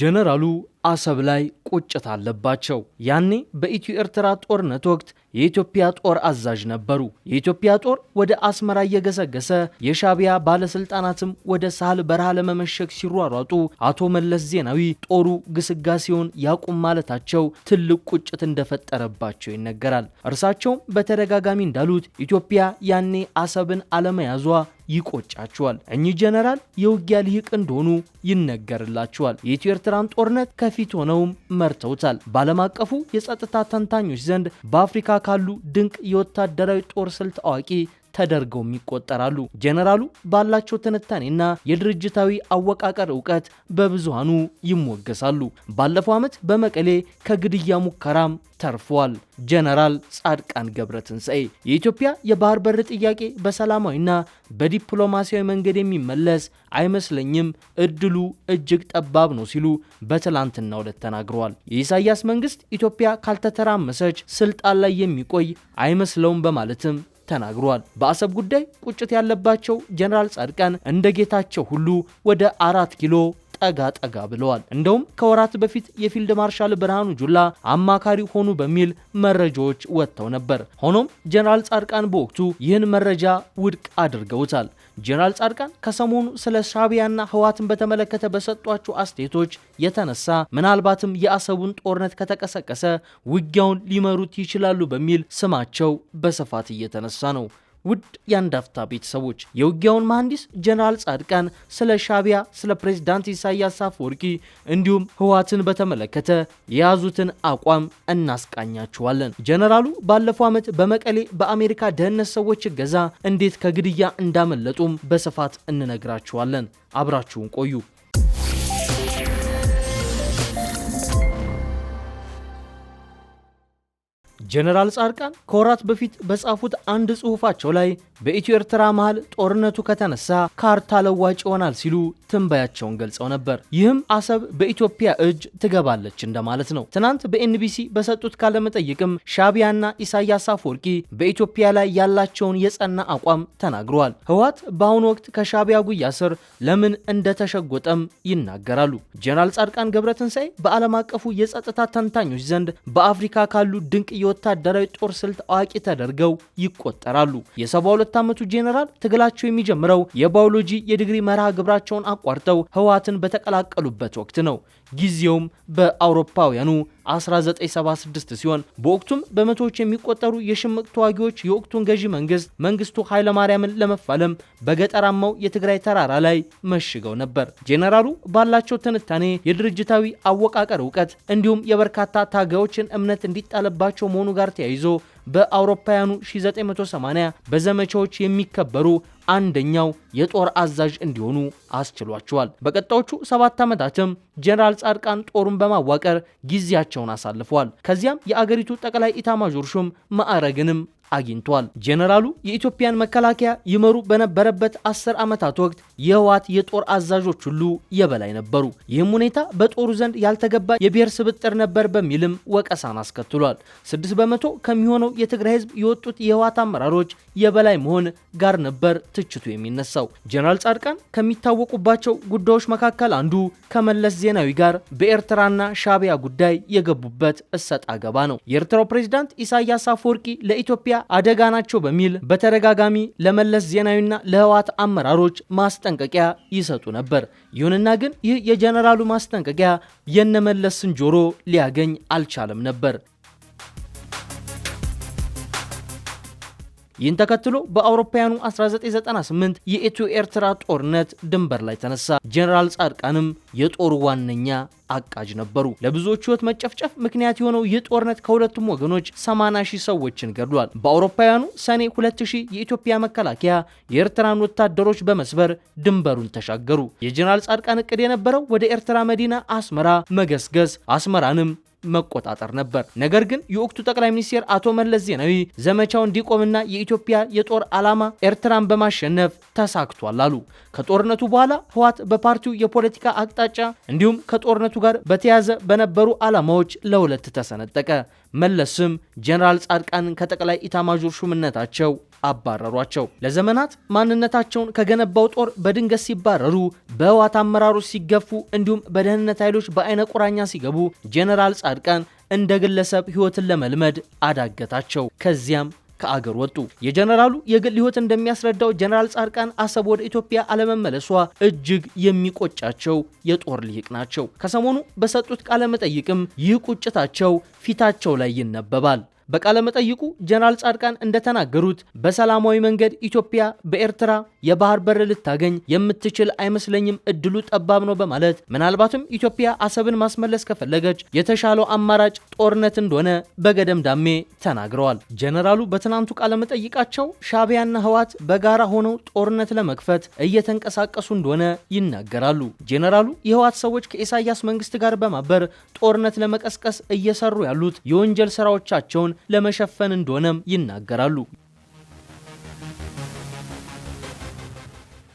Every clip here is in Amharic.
जनरालू አሰብ ላይ ቁጭት አለባቸው። ያኔ በኢትዮ ኤርትራ ጦርነት ወቅት የኢትዮጵያ ጦር አዛዥ ነበሩ። የኢትዮጵያ ጦር ወደ አስመራ እየገሰገሰ የሻቢያ ባለስልጣናትም ወደ ሳህል በረሃ ለመመሸግ ሲሯሯጡ አቶ መለስ ዜናዊ ጦሩ ግስጋሴውን ያቁም ማለታቸው ትልቅ ቁጭት እንደፈጠረባቸው ይነገራል። እርሳቸውም በተደጋጋሚ እንዳሉት ኢትዮጵያ ያኔ አሰብን አለመያዟ ይቆጫቸዋል። እኚህ ጄኔራል የውጊያ ልሂቅ እንደሆኑ ይነገርላቸዋል። የኢትዮ ኤርትራን ጦርነት ከ ከፊት ሆነውም መርተውታል። በዓለም አቀፉ የጸጥታ ተንታኞች ዘንድ በአፍሪካ ካሉ ድንቅ የወታደራዊ ጦር ስልት አዋቂ ተደርገውም ይቆጠራሉ። ጄኔራሉ ባላቸው ትንታኔና የድርጅታዊ አወቃቀር እውቀት በብዙሃኑ ይሞገሳሉ። ባለፈው ዓመት በመቀሌ ከግድያ ሙከራም ተርፏል። ጀነራል ጻድቃን ትንሳኤ። የኢትዮጵያ የባህር በር ጥያቄ በሰላማዊና በዲፕሎማሲያዊ መንገድ የሚመለስ አይመስለኝም፣ እድሉ እጅግ ጠባብ ነው ሲሉ በትላንትናው ዕለት ተናግረዋል። የኢሳያስ መንግስት ኢትዮጵያ ካልተተራመሰች ስልጣን ላይ የሚቆይ አይመስለውም በማለትም ተናግሯል። በአሰብ ጉዳይ ቁጭት ያለባቸው ጀኔራል ጻድቃን እንደ ጌታቸው ሁሉ ወደ አራት ኪሎ ጠጋ ጠጋ ብለዋል። እንደውም ከወራት በፊት የፊልድ ማርሻል ብርሃኑ ጁላ አማካሪ ሆኑ በሚል መረጃዎች ወጥተው ነበር። ሆኖም ጀነራል ጻድቃን በወቅቱ ይህን መረጃ ውድቅ አድርገውታል። ጀነራል ጻድቃን ከሰሞኑ ስለ ሻቢያና ህዋትን በተመለከተ በሰጧቸው አስተያየቶች የተነሳ ምናልባትም የአሰቡን ጦርነት ከተቀሰቀሰ ውጊያውን ሊመሩት ይችላሉ በሚል ስማቸው በስፋት እየተነሳ ነው። ውድ የአንዳፍታ ቤተሰቦች የውጊያውን መሐንዲስ ጀነራል ጻድቃን ስለ ሻቢያ፣ ስለ ፕሬዚዳንት ኢሳያስ አፈወርቂ እንዲሁም ህወሓትን በተመለከተ የያዙትን አቋም እናስቃኛችኋለን። ጀነራሉ ባለፈው ዓመት በመቀሌ በአሜሪካ ደህንነት ሰዎች እገዛ እንዴት ከግድያ እንዳመለጡም በስፋት እንነግራችኋለን። አብራችሁን ቆዩ። ጀነራል ጻድቃን ከወራት በፊት በጻፉት አንድ ጽሑፋቸው ላይ በኢትዮ ኤርትራ መሃል ጦርነቱ ከተነሳ ካርታ ለዋጭ ይሆናል ሲሉ ትንበያቸውን ገልጸው ነበር። ይህም አሰብ በኢትዮጵያ እጅ ትገባለች እንደማለት ነው። ትናንት በኤንቢሲ በሰጡት ካለመጠይቅም ሻቢያና ኢሳያስ አፈወርቂ በኢትዮጵያ ላይ ያላቸውን የጸና አቋም ተናግረዋል። ህወሓት በአሁኑ ወቅት ከሻቢያ ጉያ ስር ለምን እንደተሸጎጠም ይናገራሉ። ጀነራል ጻድቃን ገብረትንሳኤ በዓለም አቀፉ የጸጥታ ተንታኞች ዘንድ በአፍሪካ ካሉ ድንቅ የወ ወታደራዊ ጦር ስልት አዋቂ ተደርገው ይቆጠራሉ። የ72 ዓመቱ ጄኔራል ትግላቸው የሚጀምረው የባዮሎጂ የዲግሪ መርሃ ግብራቸውን አቋርጠው ህወሓትን በተቀላቀሉበት ወቅት ነው። ጊዜውም በአውሮፓውያኑ 1976 ሲሆን በወቅቱም በመቶዎች የሚቆጠሩ የሽምቅ ተዋጊዎች የወቅቱን ገዢ መንግስት መንግስቱ ኃይለማርያምን ለመፋለም በገጠራማው የትግራይ ተራራ ላይ መሽገው ነበር። ጄኔራሉ ባላቸው ትንታኔ የድርጅታዊ አወቃቀር እውቀት እንዲሁም የበርካታ ታጋዮችን እምነት እንዲጣለባቸው መሆኑ ከመሆኑ ጋር ተያይዞ በአውሮፓውያኑ 1980 በዘመቻዎች የሚከበሩ አንደኛው የጦር አዛዥ እንዲሆኑ አስችሏቸዋል። በቀጣዮቹ ሰባት ዓመታትም ጀኔራል ጻድቃን ጦሩን በማዋቀር ጊዜያቸውን አሳልፈዋል። ከዚያም የአገሪቱ ጠቅላይ ኢታማዦር ሹም ማዕረግንም አግኝቷል። ጄኔራሉ የኢትዮጵያን መከላከያ ይመሩ በነበረበት አስር ዓመታት ወቅት የህወሓት የጦር አዛዦች ሁሉ የበላይ ነበሩ። ይህም ሁኔታ በጦሩ ዘንድ ያልተገባ የብሔር ስብጥር ነበር በሚልም ወቀሳን አስከትሏል። ስድስት በመቶ ከሚሆነው የትግራይ ህዝብ የወጡት የህወሓት አመራሮች የበላይ መሆን ጋር ነበር ትችቱ የሚነሳው። ጄኔራል ጻድቃን ከሚታወቁባቸው ጉዳዮች መካከል አንዱ ከመለስ ዜናዊ ጋር በኤርትራና ሻቢያ ጉዳይ የገቡበት እሰጥ አገባ ነው። የኤርትራው ፕሬዝዳንት ኢሳያስ አፈወርቂ ለኢትዮጵያ አደጋ ናቸው በሚል በተደጋጋሚ ለመለስ ዜናዊና ለህወሓት አመራሮች ማስጠንቀቂያ ይሰጡ ነበር። ይሁንና ግን ይህ የጀነራሉ ማስጠንቀቂያ የነመለስን ጆሮ ሊያገኝ አልቻለም ነበር። ይህን ተከትሎ በአውሮፓውያኑ 1998 የኢትዮ ኤርትራ ጦርነት ድንበር ላይ ተነሳ። ጄኔራል ጻድቃንም የጦሩ ዋነኛ አቃጅ ነበሩ። ለብዙዎቹ ህይወት መጨፍጨፍ ምክንያት የሆነው ይህ ጦርነት ከሁለቱም ወገኖች 80 ሺህ ሰዎችን ገድሏል። በአውሮፓውያኑ ሰኔ 2000 የኢትዮጵያ መከላከያ የኤርትራን ወታደሮች በመስበር ድንበሩን ተሻገሩ። የጄኔራል ጻድቃን እቅድ የነበረው ወደ ኤርትራ መዲና አስመራ መገስገስ አስመራንም መቆጣጠር ነበር። ነገር ግን የወቅቱ ጠቅላይ ሚኒስትር አቶ መለስ ዜናዊ ዘመቻው እንዲቆምና የኢትዮጵያ የጦር ዓላማ ኤርትራን በማሸነፍ ተሳክቷል አሉ። ከጦርነቱ በኋላ ህወሓት በፓርቲው የፖለቲካ አቅጣጫ እንዲሁም ከጦርነቱ ጋር በተያያዘ በነበሩ ዓላማዎች ለሁለት ተሰነጠቀ። መለስም ጀኔራል ጻድቃንን ከጠቅላይ ኢታማዦር ሹምነታቸው አባረሯቸው። ለዘመናት ማንነታቸውን ከገነባው ጦር በድንገት ሲባረሩ በህወሓት አመራሮች ሲገፉ እንዲሁም በደህንነት ኃይሎች በአይነ ቁራኛ ሲገቡ ጄኔራል ጻድቃን እንደ ግለሰብ ህይወትን ለመልመድ አዳገታቸው። ከዚያም ከአገር ወጡ። የጀነራሉ የግል ህይወት እንደሚያስረዳው ጀነራል ጻድቃን አሰብ ወደ ኢትዮጵያ አለመመለሷ እጅግ የሚቆጫቸው የጦር ልሂቅ ናቸው። ከሰሞኑ በሰጡት ቃለ መጠይቅም ይህ ቁጭታቸው ፊታቸው ላይ ይነበባል። በቃለመጠይቁ ጀነራል ጻድቃን እንደተናገሩት በሰላማዊ መንገድ ኢትዮጵያ በኤርትራ የባህር በር ልታገኝ የምትችል አይመስለኝም፣ እድሉ ጠባብ ነው በማለት ምናልባትም ኢትዮጵያ አሰብን ማስመለስ ከፈለገች የተሻለው አማራጭ ጦርነት እንደሆነ በገደም ዳሜ ተናግረዋል። ጀነራሉ በትናንቱ ቃለመጠይቃቸው ሻቢያና ህዋት በጋራ ሆነው ጦርነት ለመክፈት እየተንቀሳቀሱ እንደሆነ ይናገራሉ። ጀነራሉ የህዋት ሰዎች ከኢሳያስ መንግስት ጋር በማበር ጦርነት ለመቀስቀስ እየሰሩ ያሉት የወንጀል ስራዎቻቸውን ለመሸፈን እንደሆነም ይናገራሉ።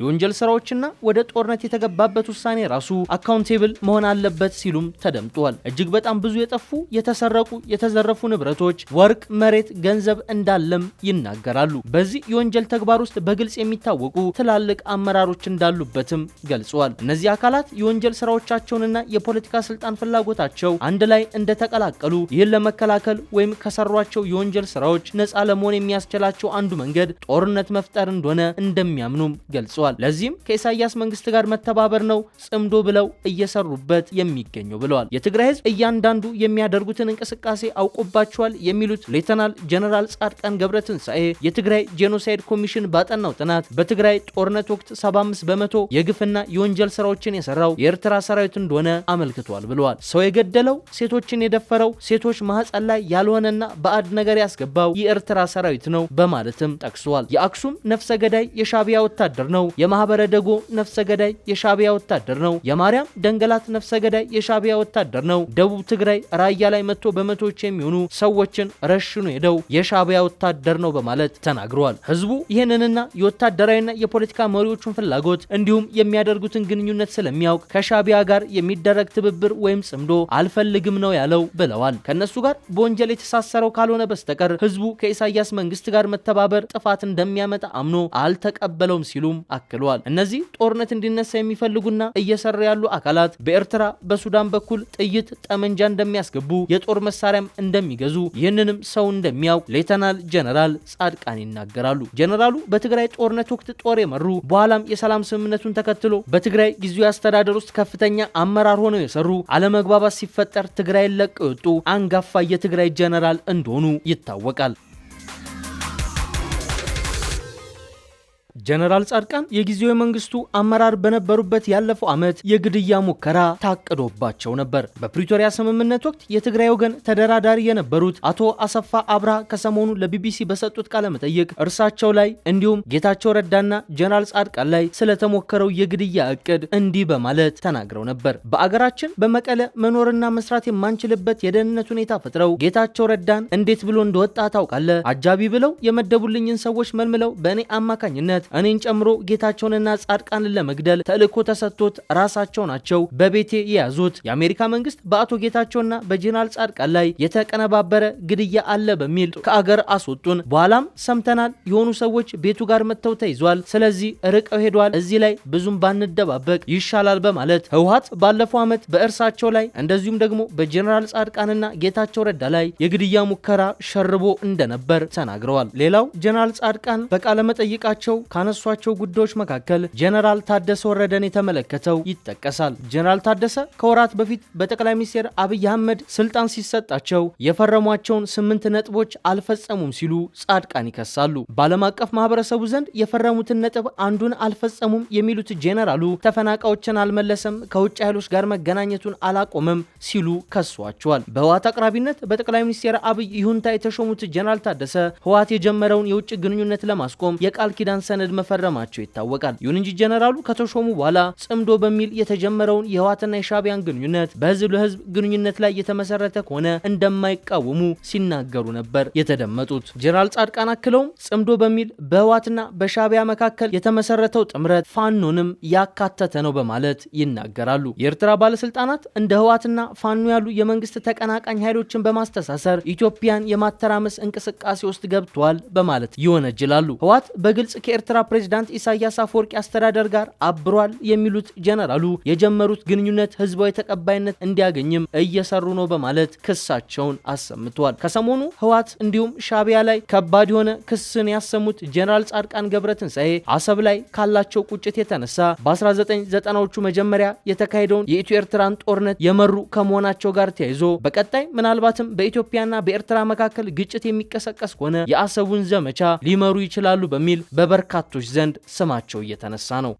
የወንጀል ስራዎችና ወደ ጦርነት የተገባበት ውሳኔ ራሱ አካውንቴብል መሆን አለበት ሲሉም ተደምጧል። እጅግ በጣም ብዙ የጠፉ የተሰረቁ፣ የተዘረፉ ንብረቶች፣ ወርቅ፣ መሬት፣ ገንዘብ እንዳለም ይናገራሉ። በዚህ የወንጀል ተግባር ውስጥ በግልጽ የሚታወቁ ትላልቅ አመራሮች እንዳሉበትም ገልጿል። እነዚህ አካላት የወንጀል ስራዎቻቸውንና የፖለቲካ ስልጣን ፍላጎታቸው አንድ ላይ እንደተቀላቀሉ ይህን ለመከላከል ወይም ከሰሯቸው የወንጀል ስራዎች ነፃ ለመሆን የሚያስችላቸው አንዱ መንገድ ጦርነት መፍጠር እንደሆነ እንደሚያምኑም ገልጿል። ተናግረዋል። ለዚህም ከኢሳያስ መንግስት ጋር መተባበር ነው ጽምዶ ብለው እየሰሩበት የሚገኘው ብለዋል። የትግራይ ህዝብ እያንዳንዱ የሚያደርጉትን እንቅስቃሴ አውቆባቸዋል የሚሉት ሌተናል ጀነራል ጻድቃን ገብረትንሳኤ የትግራይ ጄኖሳይድ ኮሚሽን ባጠናው ጥናት በትግራይ ጦርነት ወቅት 75 በመቶ የግፍና የወንጀል ስራዎችን የሰራው የኤርትራ ሰራዊት እንደሆነ አመልክቷል ብለዋል። ሰው የገደለው፣ ሴቶችን የደፈረው፣ ሴቶች ማህፀን ላይ ያልሆነና በአድ ነገር ያስገባው የኤርትራ ሰራዊት ነው በማለትም ጠቅሷል። የአክሱም ነፍሰ ገዳይ የሻቢያ ወታደር ነው፣ የማህበረ ደጎ ነፍሰ ገዳይ የሻቢያ ወታደር ነው። የማርያም ደንገላት ነፍሰ ገዳይ የሻቢያ ወታደር ነው። ደቡብ ትግራይ ራያ ላይ መጥቶ በመቶዎች የሚሆኑ ሰዎችን ረሽኑ ሄደው የሻቢያ ወታደር ነው በማለት ተናግረዋል። ህዝቡ ይህንንና የወታደራዊና የፖለቲካ መሪዎቹን ፍላጎት እንዲሁም የሚያደርጉትን ግንኙነት ስለሚያውቅ ከሻቢያ ጋር የሚደረግ ትብብር ወይም ጽምዶ አልፈልግም ነው ያለው ብለዋል። ከነሱ ጋር በወንጀል የተሳሰረው ካልሆነ በስተቀር ህዝቡ ከኢሳያስ መንግስት ጋር መተባበር ጥፋት እንደሚያመጣ አምኖ አልተቀበለውም ሲሉም አክሏል። እነዚህ ጦርነት እንዲነሳ የሚፈልጉና እየሰሩ ያሉ አካላት በኤርትራ በሱዳን በኩል ጥይት፣ ጠመንጃ እንደሚያስገቡ የጦር መሳሪያም እንደሚገዙ ይህንንም ሰው እንደሚያውቅ ሌተናል ጀነራል ጻድቃን ይናገራሉ። ጀነራሉ በትግራይ ጦርነት ወቅት ጦር የመሩ በኋላም የሰላም ስምምነቱን ተከትሎ በትግራይ ጊዜያዊ አስተዳደር ውስጥ ከፍተኛ አመራር ሆነው የሰሩ አለመግባባት ሲፈጠር ትግራይን ለቀው የወጡ አንጋፋ የትግራይ ጀነራል እንደሆኑ ይታወቃል። ጀነራል ጻድቃን የጊዜው መንግስቱ አመራር በነበሩበት ያለፈው ዓመት የግድያ ሙከራ ታቅዶባቸው ነበር። በፕሪቶሪያ ስምምነት ወቅት የትግራይ ወገን ተደራዳሪ የነበሩት አቶ አሰፋ አብራ ከሰሞኑ ለቢቢሲ በሰጡት ቃለ መጠይቅ እርሳቸው ላይ እንዲሁም ጌታቸው ረዳና ጀነራል ጻድቃን ላይ ስለተሞከረው የግድያ እቅድ እንዲህ በማለት ተናግረው ነበር። በአገራችን በመቀለ መኖርና መስራት የማንችልበት የደህንነት ሁኔታ ፈጥረው ጌታቸው ረዳን እንዴት ብሎ እንደወጣ ታውቃለ? አጃቢ ብለው የመደቡልኝን ሰዎች መልምለው በእኔ አማካኝነት እኔን ጨምሮ ጌታቸውንና ጻድቃንን ለመግደል ተልእኮ ተሰጥቶት ራሳቸው ናቸው በቤቴ የያዙት። የአሜሪካ መንግስት በአቶ ጌታቸውና በጄኔራል ጻድቃን ላይ የተቀነባበረ ግድያ አለ በሚል ከአገር አስወጡን። በኋላም ሰምተናል የሆኑ ሰዎች ቤቱ ጋር መጥተው ተይዟል፣ ስለዚህ ርቀው ሄዷል፣ እዚህ ላይ ብዙም ባንደባበቅ ይሻላል በማለት ህወሀት ባለፈው ዓመት በእርሳቸው ላይ እንደዚሁም ደግሞ በጄኔራል ጻድቃንና ጌታቸው ረዳ ላይ የግድያ ሙከራ ሸርቦ እንደነበር ተናግረዋል። ሌላው ጄኔራል ጻድቃን በቃለመጠይቃቸው ካነሷቸው ጉዳዮች መካከል ጀነራል ታደሰ ወረደን የተመለከተው ይጠቀሳል። ጀነራል ታደሰ ከወራት በፊት በጠቅላይ ሚኒስትር አብይ አህመድ ስልጣን ሲሰጣቸው የፈረሟቸውን ስምንት ነጥቦች አልፈጸሙም ሲሉ ጻድቃን ይከሳሉ። በዓለም አቀፍ ማህበረሰቡ ዘንድ የፈረሙትን ነጥብ አንዱን አልፈጸሙም የሚሉት ጄኔራሉ ተፈናቃዮችን አልመለሰም፣ ከውጭ ኃይሎች ጋር መገናኘቱን አላቆመም ሲሉ ከሷቸዋል። በህወሓት አቅራቢነት በጠቅላይ ሚኒስትር አብይ ይሁንታ የተሾሙት ጀነራል ታደሰ ህወሓት የጀመረውን የውጭ ግንኙነት ለማስቆም የቃል ኪዳን ሰነ ሰነድ መፈረማቸው ይታወቃል። ይሁን እንጂ ጀነራሉ ከተሾሙ በኋላ ጽምዶ በሚል የተጀመረውን የህዋትና የሻቢያን ግንኙነት በህዝብ ለህዝብ ግንኙነት ላይ የተመሰረተ ከሆነ እንደማይቃወሙ ሲናገሩ ነበር የተደመጡት። ጀነራል ጻድቃን አክለውም ጽምዶ በሚል በህዋትና በሻቢያ መካከል የተመሰረተው ጥምረት ፋኖንም ያካተተ ነው በማለት ይናገራሉ። የኤርትራ ባለስልጣናት እንደ ህዋትና ፋኖ ያሉ የመንግስት ተቀናቃኝ ኃይሎችን በማስተሳሰር ኢትዮጵያን የማተራመስ እንቅስቃሴ ውስጥ ገብተዋል በማለት ይወነጅላሉ። ህዋት በግልጽ ከኤርትራ ከኤርትራ ፕሬዝዳንት ኢሳያስ አፈወርቂ አስተዳደር ጋር አብሯል የሚሉት ጀነራሉ የጀመሩት ግንኙነት ህዝባዊ ተቀባይነት እንዲያገኝም እየሰሩ ነው በማለት ክሳቸውን አሰምተዋል። ከሰሞኑ ህወሓት እንዲሁም ሻቢያ ላይ ከባድ የሆነ ክስን ያሰሙት ጀነራል ጻድቃን ገብረትንሳኤ አሰብ ላይ ካላቸው ቁጭት የተነሳ በ1990ዎቹ መጀመሪያ የተካሄደውን የኢትዮ ኤርትራን ጦርነት የመሩ ከመሆናቸው ጋር ተያይዞ በቀጣይ ምናልባትም በኢትዮጵያና በኤርትራ መካከል ግጭት የሚቀሰቀስ ከሆነ የአሰቡን ዘመቻ ሊመሩ ይችላሉ በሚል በበርካታ በርካቶች ዘንድ ስማቸው እየተነሳ ነው።